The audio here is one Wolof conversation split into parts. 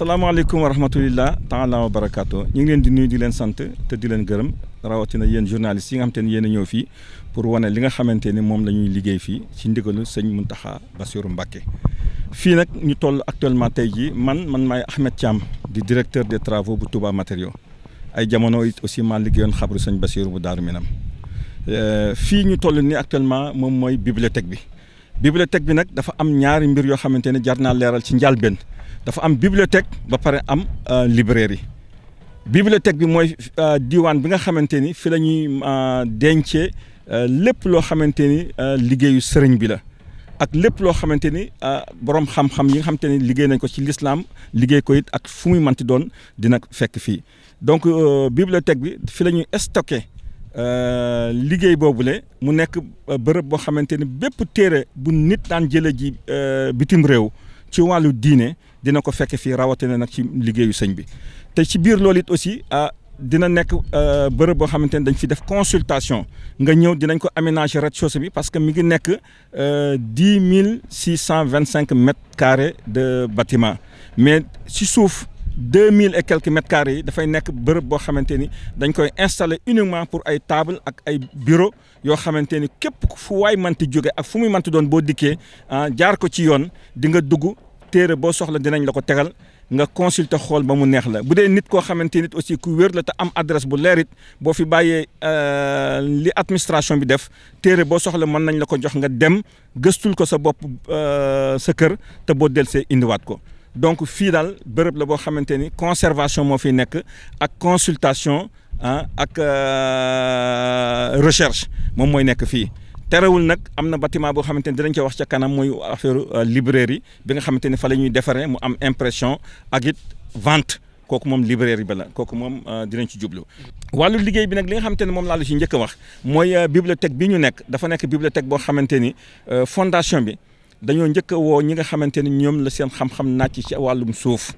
salaamaaleykum wa rahmatulillah taala wa barakaatu ñu ngeen di nuyu di leen sant te di leen gërëm rawatina yéen journalistes yi nga xamante ni yéen a ñëw fii pour wane li nga xamante ni moom la ñuy liggéey fii ci ndigalu sëñ Mountakha Bassirou mbakke fii nag ñu toll actuellement tey jii man man maay Ahmed Thiam di directeur de travaux bu Touba Matériaux ay jamono it aussi maa liggéeyoon xabru sañ Bassirou bu Daaru Minam euh, fii ñu toll nii actuellement moom mooy bibliothèque bi bibliothèque bi nag dafa am ñaari mbir yoo xamante ne jar naa leeral ci njàlbeen dafa am bibliothèque ba pare am euh, librairie bibliothèque bi mooy euh, diwaan bi nga xamante ni fi la ñuy euh, dencee lépp loo xamante ni liggéeyu sëriñ bi la ak lépp loo xamante ni borom xam-xam yi nga xamante ni liggéey nañ ko ci lislaam liggéey ko it ak fu muy manti doon dina fekk fii donc bibliothèque bi fi la ñuy stocké liggéey boobule mu nekk bërëb boo xamante ni bépp téere bu nit daan jële ji bitim réew ci wàllu diine dina ko fekk fii rawatina nag ci liggéeyu sëñ bi te si biir loolu it aussi ah dina nekk euh, bërëb boo xamante ne dañ fi def consultation nga ñëw dinañ ko aménager rez de bi parce que mu ngi nekk euh, dix mille six cent vingt cinq mètres carrés de bâtiment mais si suuf deux mille et quelques yi dafay nekk bërëb boo xamante ni dañ koy installer uniquement pour ay table ak ay bureau yoo xamante ni képp fu waay manti jóge ak fu muy manti doon boo dikkee ah jaar ko ci yoon di nga dugg. téere boo soxla dinañ la ko tegal nga consulter xool ba mu neex la bu dee nit koo xamante nit aussi ku wér la te am adresse bu leerit boo fi bàyyee euh, li administration bi def téere boo soxla mën nañ la ko jox nga dem gëstul ko sa bopp euh, sa kër te boo delsee indiwaat ko donc fii daal bërëb la boo xamante ni conservation moo fi nekk ak consultation ak euh, recherche moom mooy nekk fii terewul nag am na bâtiment boo xamante ne dinañ ko wax ca kanam muy affaire euh, librairie bi nga xamante ne fa la ñuy defaree mu am impression ak it vente kooku moom librairie ba la kooku moom euh, dinañ ci jublu. wàllu liggéey bi nag li nga xamante ne moom laa la ci njëkk a wax mooy euh, bibliothèque bi ñu nekk dafa nekk bibliothèque boo xamante ni fondation bi dañoo njëkk a woo ñi nga xamante ni ñoom la seen xam-xam nàcc ci wàllum suuf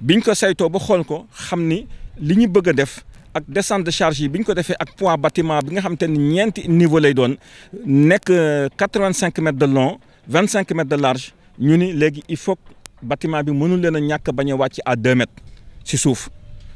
bi biñ ko saytoo ba xool ko xam ni li ñu bëgg a def. ak descente de charge bi ñu ko defee ak poids bâtiment bi nga xam te ñeenti niveau lay doon nekk euh, quatre vingt de lon vingt-cinq de large ñu ni léegi il faut bâtiment bi mënul leen a ñàkk bañ a wàcc à deux si suuf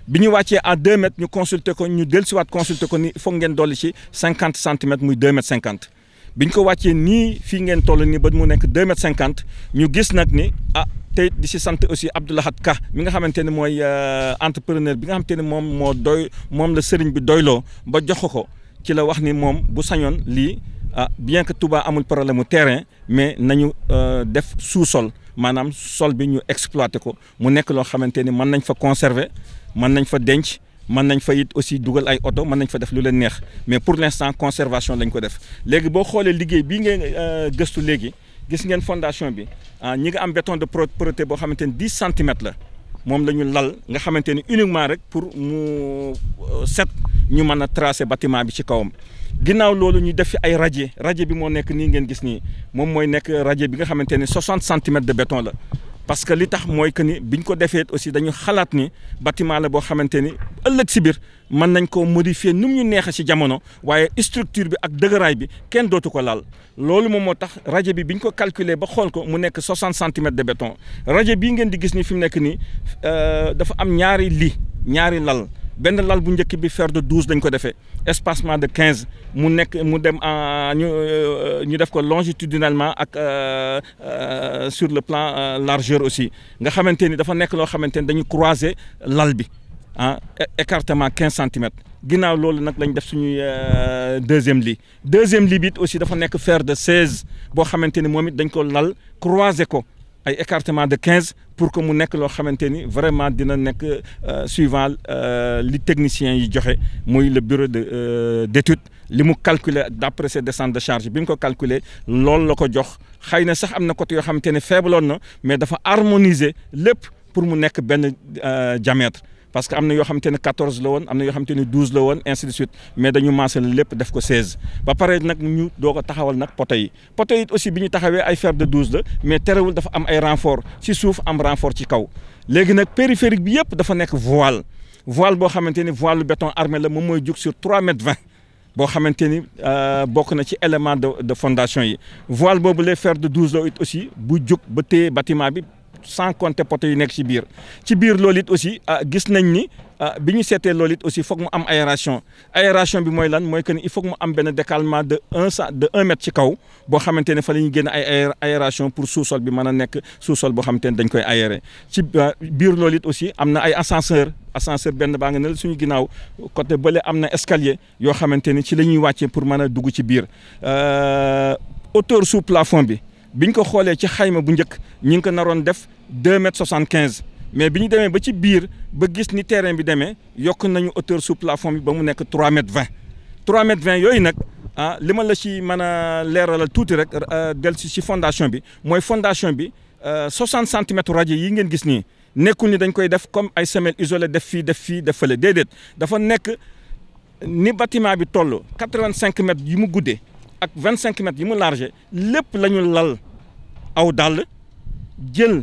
bi ñu wàccee a deux mètres ñu consulter ko ñu dellusiwaat consulter ko ni foog ngeen dolli ci cinquante centimètres muy deux mètres cinquante biñ ko wàccee nii fii ngeen toll nii ba mu nekk deux mètres cinquante ñu gis nag ni ah tey di si sant aussi Abdoulahat Ka mi nga xamante ne mooy euh, entrepreneur bi nga xamante ne moom moo doy moom la sëriñ bi doyloo ba jox ko ci la wax ni moom bu sañoon lii ah bien que tubaa amul problème mu terrain mais nañu euh, def sous maanaam sol bi ñu exploité ko mu nekk loo xamante ni mën nañ fa conserver mën nañ fa denc. mën nañ fa it aussi dugal ay oto mën fa def lu leen neex mais pour l'instant conservation lañ ko def léegi boo xoolee liggéey bii ngeen euh, gëstu léegi gis ngeen fondation bi ah ñi nga am béton de propreté boo xamante ni dix centimètres la moom la ñu lal nga xamante ni uniquement rek pour mu euh, set ñu mën a tracer bâtiment bi ci kawam. ginnaaw loolu ñu def fi ay radier radier bi moo nekk nii ngeen gis nii moom mooy nekk radier bi nga xamante ni soixante centimètres de béton la. parce que li tax mooy que ni biñ ko defee aussi dañu xalaat ni bâtiment la boo xamante ni ëllëg sibir biir mën nañ ko modifier nu mu ñu neexee si jamono waaye structure bi ak dëgëraay bi kenn dootu ko laal loolu moom moo tax rajo bi ñu ko calculer ba xool ko mu nekk 60 centimètres de béton rajo bii ngeen di gis ni fi mu nekk nii euh, dafa am ñaari lii. ñaari lal benn lal bu njëkk bi fer de douze dañ ko defee espacement de quinze mu nekk mu dem ñu euh, ñu def ko longitudinalement ak euh, euh, sur le plan largeur aussi nga xamante ni dafa nekk loo xamante ni dañu croiser lal bi ah écartement quinze centimètres ginnaaw loolu nag lañ def suñuy deuxième lit deuxième lit bi aussi dafa nekk fer de seize boo xamante it dañ ko lal croiser ko ay écartement de quinze pour que mu nekk loo xamante ni vraiment dina nekk euh, suivant euh, li technicien yi joxe muy le bureau de euh, d'étude li mu calculer d'après ses descentes de charge bi mu ko calculer loolu la ko jox xëy na sax am na côté yoo xamante ne feebaloon na mais dafa harmoniser lépp pour mu nekk benn diamètre parce que am na yoo xamante ne quatorze la woon am na yoo xamante ne douze la woon ainsi de suite mais dañu maasal lépp def ko seize ba pare nag ñu doog a taxawal nag poto yi poto aussi bi ñu taxawee ay fer de douze la mais terewul dafa am ay renfort ci suuf am renfort ci kaw léegi nag périphérique bi yëpp dafa nekk voile voile boo xamante ni voile béton armé la moom mooy jug sur trois mètres boo xamante ni euh, bokk na ci élément de de yi voile boobu les fer de douze la aussi bu jug ba téye bâtiment bi sans compter poto yu nekk ci biir ci biir loolit it aussi ah, gis nañ ni ah, bi ñu seetee loolit aussi foog mu am aération aération bi mooy lan mooy que ni il faut mu am benn décalement de un cent de un mètre ci kaw boo xamante ne fa la ñuy génn ay aération pour sous bi mën a nekk sous boo xamante ne dañ koy aéré ci ah, biir loolu aussi am na ay ascenseur ascenseur benn baa nga ne la suñu ginnaaw côté bële am na escalier yoo xamante ni ci la ñuy wàccee pour mën a dugg ci biir euh, hauteur sous plafond bi. biñ ko xoolee ci xayma bu njëkk ñi ngi ko naroon def deux mètres soixante quinze mais bi ñu demee ba ci biir ba gis ni terrain bi demee yokk nañu hauteur sous plafond bi ba mu nekk trois mètres vingt trois mètres yooyu nag ah li ma la ci mën a leeralal tuuti rek euh, del si si fondation bi mooy fondation bi euh, soixante centimètres rajo yi ngeen gis nii nekkul ni dañ koy def comme ay semelles isolées def fii def fii def fële déedéet dafa nekk ni bâtiment bi toll quatre vingt yi mu guddee. ak vingt cinq mètres yi mu large lépp la lal aw dàll jël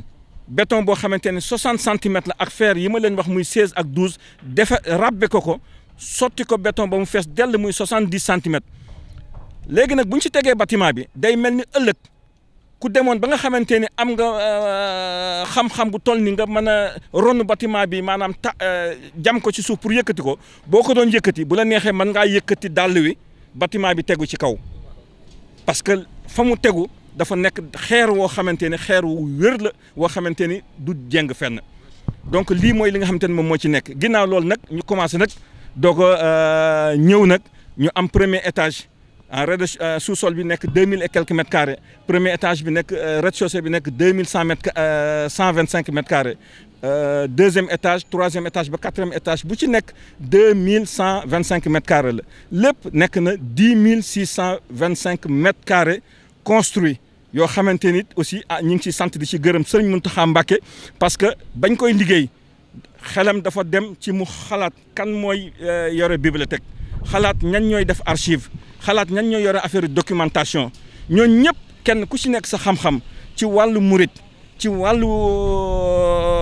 béton boo xamante ne soixante centimètres la ak fer yi ma leen wax muy seize ak douze defe rabbe ko ko sotti ko beton ba mu fees dell muy soixante dix centimètres léegi nag bu ñu ci tegee bâtiment bi day mel ni ëllëg ku demoon ba nga xamante ne am nga euh, xam-xam bu toll ni nga mën a ronu bâtiment bi maanaam ta euh, jam ko ci suuf pour yëkkati ko boo ko doon yëkkati bu la neexee mën ngaa yëkkati dàll wi bâtiment bi tegu ci kaw parce que fa mu tegu dafa nekk xeer woo xamante ni xeer wu wér la woo xamante ni du jeng fenn donc lii mooy li nga xamante ni moom moo ci nekk ginnaaw loolu nag ñu commencé nag doo ko euh, ñëw nag ñu am premier étage en rez de euh, sous bi nekk deux mille et quelques mètres carrés premier étage bi nekk euh, rez de bi nekk deux mille cent mètres cent vingt cinq mètres carrés Euh, deuxième étage troisième étage ba quatrième étage bu ci nekk deux mille cent vingt cinq mètres carrés la lépp nekk na dix mille six cent vingt cinq mètres carrés construit yoo xamante nit aussi ah ñu ngi ci sant di si gërëm sëriñ Mountakha Mbacké parce que bañ koy liggéey xelam dafa dem ci mu xalaat kan mooy euh, yore bibliothèque xalaat ñan ñooy def archive xalaat ñan ñooy yore affaire documentation ñooñu ñëpp kenn ku ci nekk sa xam-xam ci wàllu murit ci wàllu.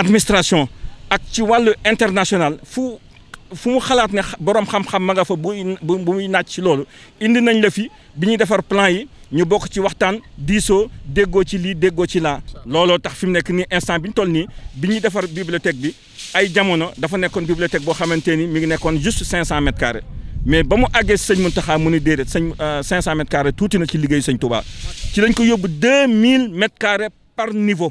administration ak ci wàllu international fu fu mu xalaat ne boroom xam-xam ma nga fa bu bu muy naaj ci loolu indi nañ la fi bi ñuy defar plan yi ñu bokk ci waxtaan diisoo déggoo ci lii déggoo ci laa. looloo tax fi mu nekk nii instant bi ñu toll nii bi ñuy defar bibliothèque bi ay jamono dafa nekkoon bibliothèque boo xamante ni mi ngi nekkoon cinq 500 mètres carrés mais ba mu àggee sëñ Mountakha mu ni déedéet sëñ 500 euh, mètres carrés tuuti na ci liggéey sëñ Touba ci lañ ko yóbbu 2000 mètres carrés par niveau.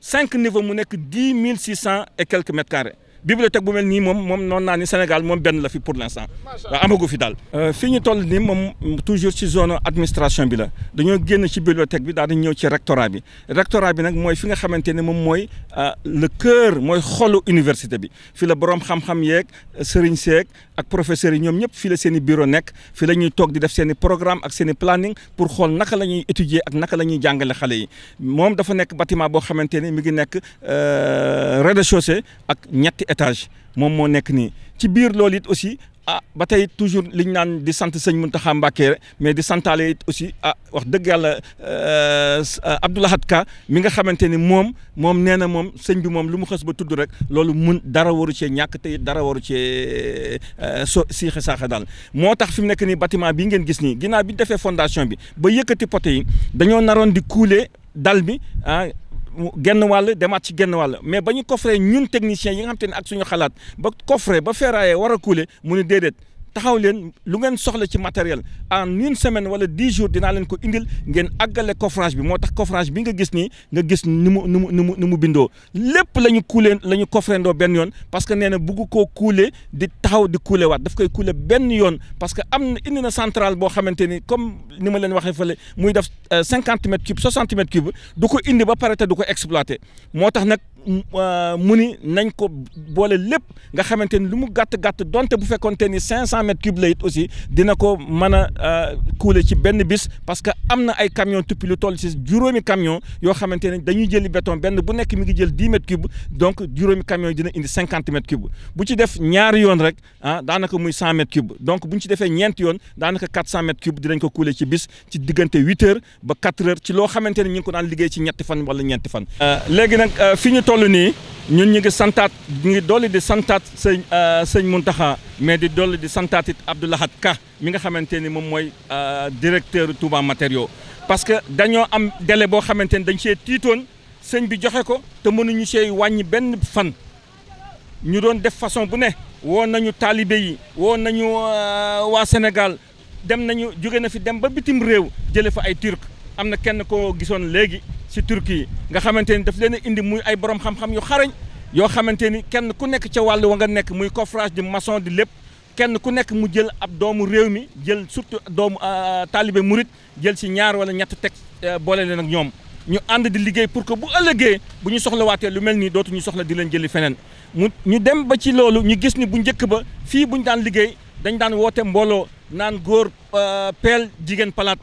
cinq niveaux mu nekk dix mille six cent et quelques mètres carrés bibliothèque bu mel nii moom moom noon naa ni Sénégal moom benn la fi pour l' instant waaw amagu fi daal. Euh, fii ñu toll nii moom toujours ci zone administration bi la dañoo génn ci bibliothèque bi daal di ñëw ci rectorat bi rectorat bi nag mooy fi nga xamante ne moom mooy euh, le cœur mooy xolu université bi fi la borom xam-xam yeeg euh, sëriñ seeg ak professeurs yi ñoom ñëpp fii la seeni i bureau nekk fii lañuy toog di def seeni i ak seen i planning pour xool naka la ñuy étudier ak naka la ñuy jàngale xale yi moom dafa nekk bâtiment boo xamante ni mi ngi nekk euh, rez de ak ñetti étage moom moo nekk nii ci biir loolu it aussi ah ba tey toujours liñ naan di sant sëñ Mountakha Mbacké mais di santaale it aussi ah wax dëgg yàlla euh, euh, Abdou Lahad Ka mi nga xamante ni moom moom nee na moom sëñ bi moom lu mu xës ba tudd rek loolu mun dara waru cee ñàkk tey dara waru cee euh, so siixe saaxe daal moo tax fi mu nekk nii bâtiment bii ngeen gis nii ginnaaw bi ñu defee fondation bi ba yëkkati poté yi dañoo naroon di couler dal bi ah genn wàll demaat ci genn wàll mais ba ñu coffré ñun techniciens yi nga xam te ne ak suñu xalaat ba coffré ba ferraillé war a couler mu ne déedéet taxaw leen lu ngeen soxla ci matériel en une semaine wala dix jours dinaa leen ko indil ngeen àggale coffrage bi moo tax coffrage bi nga gis ni nga gis ni mu ni mu mu mu bindoo lépp la ñu kuulee la ñu coffrendoo benn yoon parce que nee na bugg koo kuule di taxaw di kuule waat daf koy kuule benn yoon parce que am na centrale boo xamante ni comme ni ma leen waxee fële muy def euh, cinquante mètres cube soixante mètres cube du ko indi ba pare du ko exploité moo tax nag Euh, mu ni nañ ko boole lépp nga xamante ni lu mu gàtt-gàtt donte bu fekkonte ni cinq cent mètres la it aussi dina ko mën a euh, couler ci benn bis parce que am na ay camion tuppi lu toll si juróomi camion yoo xamante ne dañuy jëli béton benn bu nekk mi ngi jël dix mètres cubes donc juróomi camion yi dina indi cinquante mètres cubes bu ci def ñaari yoon rek ah, daanaka muy cent mètres cubes donc bu ñu ci defee ñeent yoon daanaka quatre cent mètres cubes dinañ ko couler ci bis ci diggante huit heures ba quatre heures xamante ne ñu ko daan liggéey ci ñetti fan wala ñeenti fan euh, toll nii ñun ñu ngi santaat ñu ngi dolli di santaat sëñ euh, sëñ Muntaxa mais di dolli di santaat it Abdou Ka mi nga xamante ni moom mooy euh, directeur Touba Matériaux parce que dañoo am délai boo xamante ni dañu see tiitoon sëñ bi joxe ko te mënuñu see wàññi benn fan ñu doon def façon bu ne woo nañu taalibe yi woo nañu euh, waa Sénégal dem nañu jóge na fi dem ba bitim réew jële fa ay turc am na kenn ko gisoon léegi si Turquie nga xamante ni daf leen indi muy ay borom xam-xam yu xarañ yoo xamante ni kenn ku nekk ca wàll wa nga nekk muy coffrage di maçon di lépp kenn ku nekk mu jël ab doomu réew mi jël surtout doomu euh, taalibe murit jël si ñaar wala ñett teg euh, boole leen ak ñoom ñu ànd di liggéey pour que bu ëllëgee bu ñu soxlawaatee lu mel nii dootu ñu soxla di leen jëli feneen mu ñu dem ba ci loolu ñu gis ni bu njëkk ba fii bu ñu daan liggéey dañ daan woote mbooloo naan góor euh, peel jigéen palaat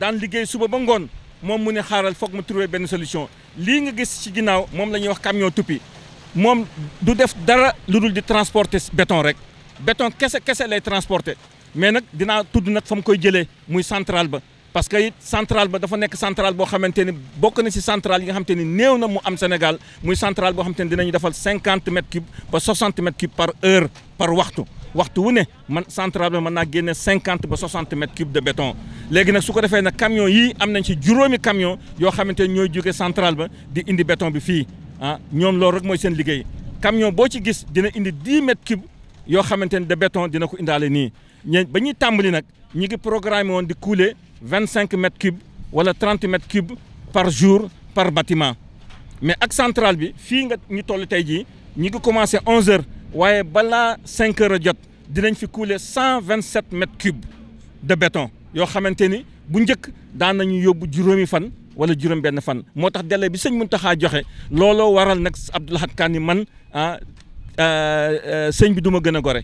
daan liggéey suba ba ngoon moom mu ne xaaral foog mu trouver benn solution lii nga gis ci ginnaaw moom la ñuy wax camion toupie moom du def dara lu dul di transporter béton rek beton kese kese lay transporte mais nag dinaa tudd nag fa mu koy jëlee muy centrale ba parce que it centrale ba dafa nekk central boo xamante ni bokk na si centrale yi nga xamante ni néew na mu am Sénégal muy centrale boo xamante ni dinañu defal cinquante mètres cubes ba soixante mètres par heure par waxtu waxtu wu ne man centrale bi man naa génne cinquante ba soixante mètres cube de béton léegi nag su ko defee nag camion yii am nañ si juróomi camion yoo xamante ne ñooy jóge centrale ba di indi béton bi fii ah ñoom loolu rek mooy seen liggéey camion boo ci gis dina indi dix mètres cube yoo xamante ne de béton dina ko indaale nii ba ñuy tàmbali nag ñi ngi programme woon di couler vingt cinq mètres cube wala trente mètres par jour par bâtiment mais ak centrale bi fii nga ñu toll tey jii ñi ngi commencé onze heures waaye balaa cinq a jot dinañ fi couler cent vingt sept mètres de béton yoo xamante ni bu njëkk daan nañu yóbbu juróomi fan wala juróom benn fan moo tax délai bi sëñ Mountakha joxe looloo waral nag Abdou Lahad Kane man ah, ah, ah sëñ bi duma gën a gore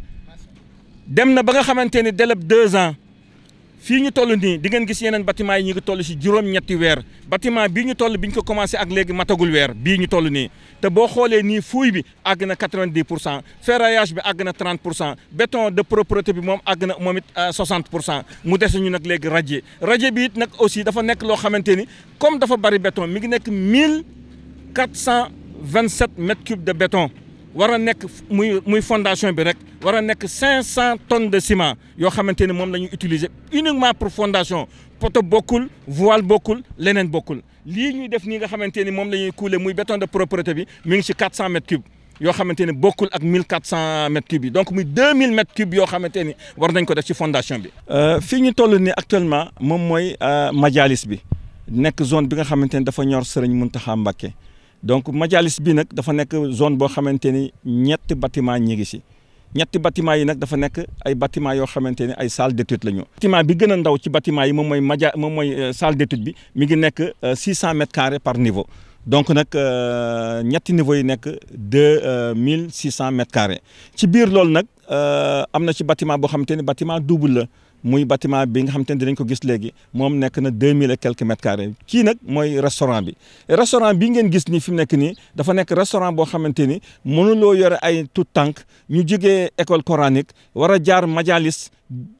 dem na ba nga xamante ni délai deux ans. fii ñu toll nii di ngeen gis yeneen bâtiment yi ñu ngi toll si juróom-ñetti weer bâtiment bii ñu toll bi ñu ko commencé ak léegi matagul weer bii ñu toll nii te boo xoolee nii fouille bi àgg na quatre vingt pour cent ferraillage bi àgg na trente pour cent béton de propreté bi moom àgg na moom it euh, pour cent mu des ñu nag léegi radier radier bi it nag aussi dafa nekk loo xamante ni comme dafa bari béton mi ngi nekk mille quatre cent vingt-sept mètres cubes de béton. war a nekk muy muy fondation bi rek war a nekk cinq cent tonnes de ciment yoo xamante ne moom la ñuy utiliser uniquement pour fondation poto bokkul voile bokkul leneen bokkul lii ñuy def nii nga xamante ni moom la ñuy couler muy beton de propreté bi mi ngi ci quatre cent mètres cubes yoo xamante ni bokkul ak mille quatre cent mètres cubes yi donc muy deux mille mètres yoo xamante ni war nañ ko def si fondation bi. Euh, fii ñu toll nii actuellement moom mooy euh, Majalis bi nekk zone bi nga xamante ni dafa ñor mun Mountakha Mbacké donc majalis bi nag dafa nekk zone boo xamante ni ñetti bâtiment ñi ngi si ñetti bâtiment yi nag dafa nekk ay bâtiment yoo xamante ni ay salle d'étude la ñu bâtiment bi gën a ndaw ci bâtiment yi moom mooy maja moom mooy euh, salle bi mi ngi nekk euh, six cent mètres carrés par niveau donc nag euh, ñetti niveau yi nekk deux mille six cent mètres carrés ci biir loolu nag am na ci bâtiment boo xamante ni bâtiment double la muy bâtiment bi nga xam te ne dinañ ko gis léegi moom nekk na deux mille et quelques mètres carrés kii nag mooy restaurant bi restaurant bii ngeen gis ni fi mu nekk nii dafa nekk restaurant boo xamante ni mënuloo yore ay tout tànk ñu jógee école coranique war a jaar majalis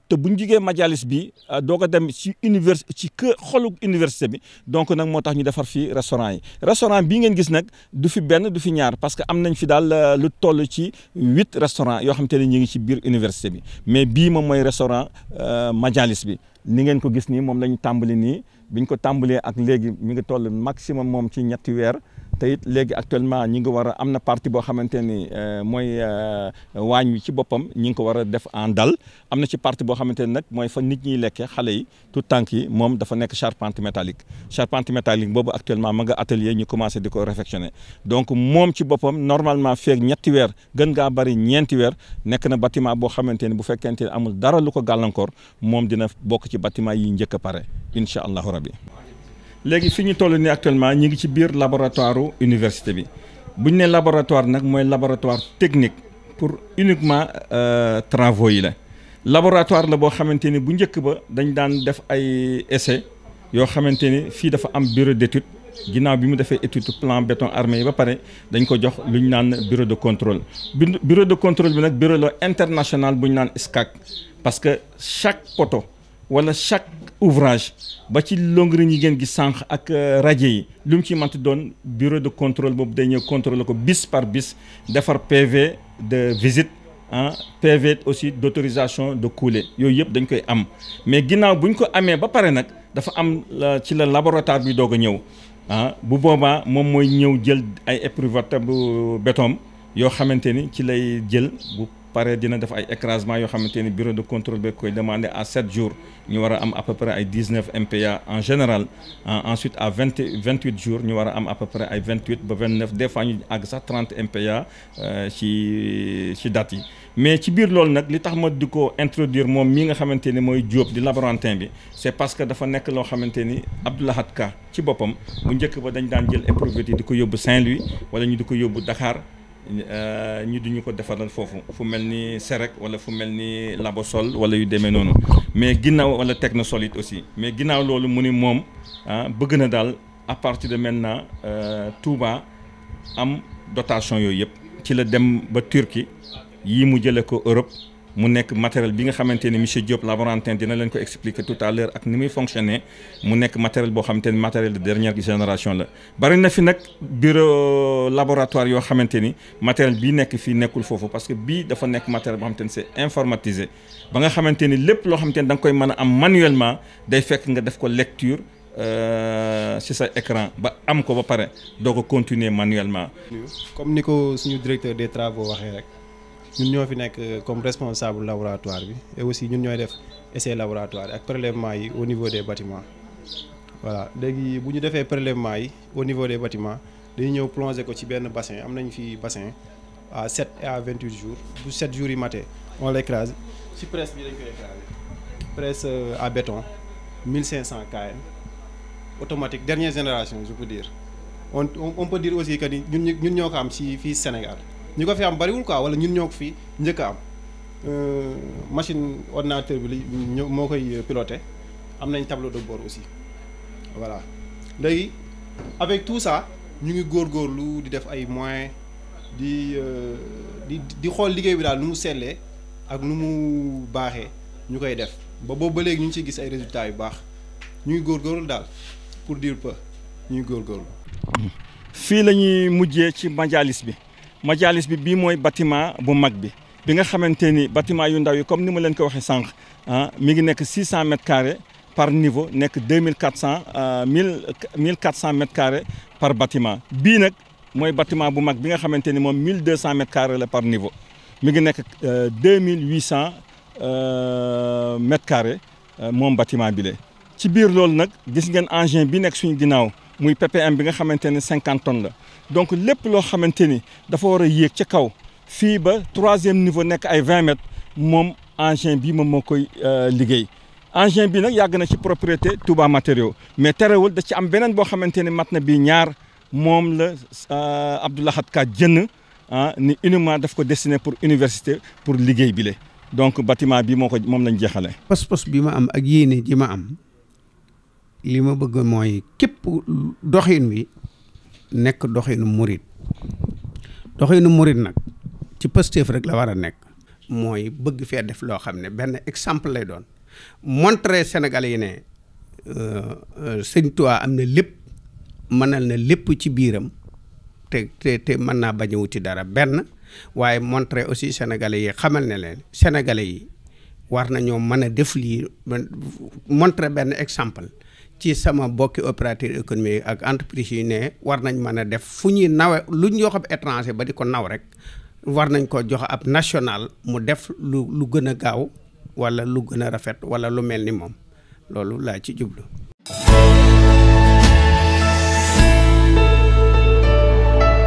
te bu ñu jugee bi euh, doo ko dem ci univers ci kë xolu université bi donc nag moo tax ñu defar fii restaurant yi restaurant bi ngeen gis nag du fi benn du fi ñaar parce que am nañ fi daal euh, lu toll ci huit restaurant yoo xam te ne ñu ngi ci biir université bi mais bii moom mooy restaurant euh, majalis bi ni ngeen ko gis nii moom la ñu tàmbali nii bi ñu ko tàmbalee ak léegi mi ngi toll maximum moom ci ñetti weer te it léegi actuellement ñi ngi war a am na partie boo xamante ni euh, mooy euh, waañ wi ci boppam ñi ngi ko war a def en dal am na ci partie boo xamante ni nag mooy fa nit ñiy lekkee xale yi tout tànk yi moom dafa nekk charpente métalique charpente métallique boobu actuellement ma nga atelier ñu commencé di ko réfectionner donc moom ci boppam normalement feeg ñetti weer gën ngaa bari ñeenti weer nekk na bâtiment boo xamante ni bu fekkente ni amul dara lu ko gàllankoor moom dina bokk ci bâtiment yi njëkk a pare incha allahu rabbi léegi fi ñu toll ni actuellement ñi ngi ci biir laboratoire université bi bu ñu nee laboratoire nag mooy laboratoire technique pour uniquement euh, travaux yi la. laboratoire la boo xamante ni bu njëkk ba dañ daan def ay essais yoo xamante ni fii dafa am bureau d'étude ginnaaw bi mu defee étude plan béton armé yi ba pare dañ ko jox lu ñu naan bureau de contrôle bureau de contrôle bi nag bureau la international bu ñu naan SCAC parce que chaque poteau. wala chaque ouvrage ba ci longrine yi ngeen gi sànq ak euh, rajo yi lu mu ci manti doon bureau de contrôle boobu day ñëw contrôler ko bis par bis defar PV de visite ah PV aussi d' autorisation de couler yooyu yëpp dañ koy am mais ginnaaw bu ñu ko amee ba pare nag dafa am ci la laboratoire bi doog a ñëw ah bu boobaa moom mooy ñëw jël ay éprouvateur bu béton yoo xamante ni ci lay jël pare dina def ay écrasement yoo xamante ni bureau de contrôle bi koy demandé à sept jours ñu war a am à peu près ay dix neuf MPA en général ensuite à vingt vingt huit jours ñu war a am à peu près ay vingt huit ba vingt neuf des fois ñu àgg sax trente MPA euh, ci ci yi. mais ci biir loolu nag li tax ma di ko introduire moom mii nga xamante ni mooy Diop di laborantin bi c'est parce que dafa nekk loo xamante ni Abdoulahat Ka ci boppam bu njëkk ba dañu daan jël épreuve di ko yóbbu Saint-Louis wala ñu di ko yóbbu Dakar. ñi euh, duñu ko defaral foofu fu mel ni serek wala fu mel ni labosol wala yu demee noonu mais ginnaaw wala technosol it aussi mais ginnaaw loolu mu ni moom ah bëgg na daal à partir de maintenant euh, Touba am dotation yooyu yëpp ci la dem ba Turquie yii mu jële ko Europe mu nekk matériel bi nga xamante ni monsieur Diop laborantin dina leen ko expliquer tout à l'heure ak ni muy fonctionner mu nekk matériel boo xamante ni matériel de dernière génération la bari na fi nag bureau laboratoire yoo xamante ni matériel bii nekk fii nekkul foofu parce que bii dafa nekk matériel boo xamante ni c'est informatisé ba nga xamante ni lépp loo xamante ni danga koy mën a am manuellement day fekk nga def ko lecture si euh, sa écran ba am ko ba pare doo ko continuer manuellement. comme ni ko suñu directeur des travaux waxee rek. ñun ñoo fi nekk euh, comme responsable laboratoire bi aussi ñun ñooy def essai laboratoire ak prélèvement yi au niveau des batiment voilà léegi bu ñu defee prélèvement yi au niveau des bâtiments dañu ñëw plongé ko ci benn bassin am nañ fi bassin à 7 et vingt 28 jours bu 7 jours yi matee on l'écrase ci presse bi dañ koy écraser presse euh, à béton 1500 kN automatique dernière génération je peux dire on on peut dire aussi que ni ñun ñun ñoo ko am ci fii Sénégal ñu ko fi am bariwul quoi wala ñun ñoo ko fi njëkk a am euh, machine ordinateur bi li ñëw moo koy piloté am nañ tableau de bord aussi voilà léegi avec tout sax ñu ngi góor góorgóorlu di def ay moyens di euh, di di xool liggéey bi daal nu mu sellee ak nu mu baaxee ñu koy def ba boobu ba léegi ñu ngi ciy gis ay résultats yu baax ñu ngi góorgóorlu daal pour diir peu ñu ngi góorgóorlu. fii la mujjee ci majalis bi. majalis bi bii mooy bâtiment bu mag bi bi nga xamante ni bâtiment yu ndaw yi comme ni ma leen ko waxee sànq ah mi ngi nekk 600 mètres carrés par niveau nekk 2400 mille 1400 ah, mètres carrés par bâtiment bii nag mooy bâtiment bu mag bi nga xamante ni moom 1200 mètres carrés la par niveau mi ngi nekk 2800 euh, euh, mètres carrés euh, moom bâtiment bi la ci biir loolu nag gis ngeen engin bi nekk suñu ginnaaw. muy ppm bi nga xamante ne cinquante tonnes la donc lépp loo xamante ni dafa war a yéeg ca kaw fii ba troisième niveau nekk ay vingt moom engin bii moom moo koy euh, liggéey engin bi nag yàgg na ci propriété Touba matériaux mais terewul da ci am beneen boo xamante ni mat na bii ñaar moom la euh, Abdou Lahad Ka jënn ah ni uniquement daf ko destiné pour université pour liggéey bile donc bâtiment bi moo ko moom lañ jeexale pas-pas bi ma am ak yéene ji ma am li ma bëgg mooy képp doxin wi nekk doxinu murit doxinu murit nag ci Pastef rek la war a nekk mooy bëgg fee def loo xam ne benn exemple lay doon montré Sénégalais yi ne euh, euh, Sëñ Tuubaa am na lépp mënal na lépp ci biiram te te te mën naa bañ a wuti dara benn waaye montre aussi Sénégalais yi xamal ne leen Sénégalais yi war nañoo mën a def lii montré benn exemple ci sama bokki opérateur économique ak entreprise yi ne war nañ mën a def fu ñuy nawe lu ñu yoo xam étranger ba di ko naw rek war nañ ko jox ab national mu def lu lu gën a gaaw wala lu gën a rafet wala lu mel ni moom loolu laa ci jublu